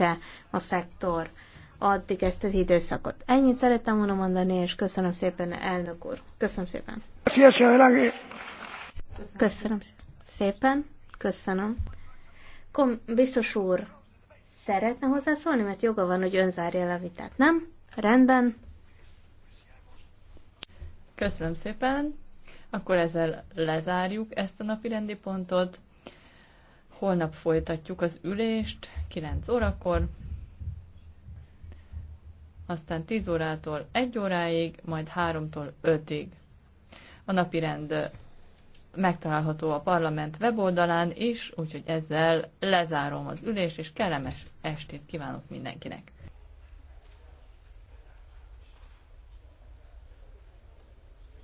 segítse a szektor addig ezt az időszakot. Ennyit szerettem volna mondani, és köszönöm szépen, elnök úr. Köszönöm szépen. Köszönöm szépen. Köszönöm. Kom, biztos úr, szeretne hozzászólni, mert joga van, hogy önzárja le a vitát, nem? Rendben. Köszönöm szépen. Akkor ezzel lezárjuk ezt a napi rendi pontot. Holnap folytatjuk az ülést 9 órakor, aztán 10 órától 1 óráig, majd 3-tól 5-ig. A napi rend megtalálható a parlament weboldalán is, úgyhogy ezzel lezárom az ülést, és kellemes estét kívánok mindenkinek.